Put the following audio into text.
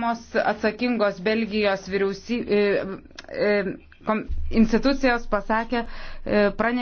Mos atsakingos Belgijos vyriausybės e, e, institucijos pasakė, e, pranešė.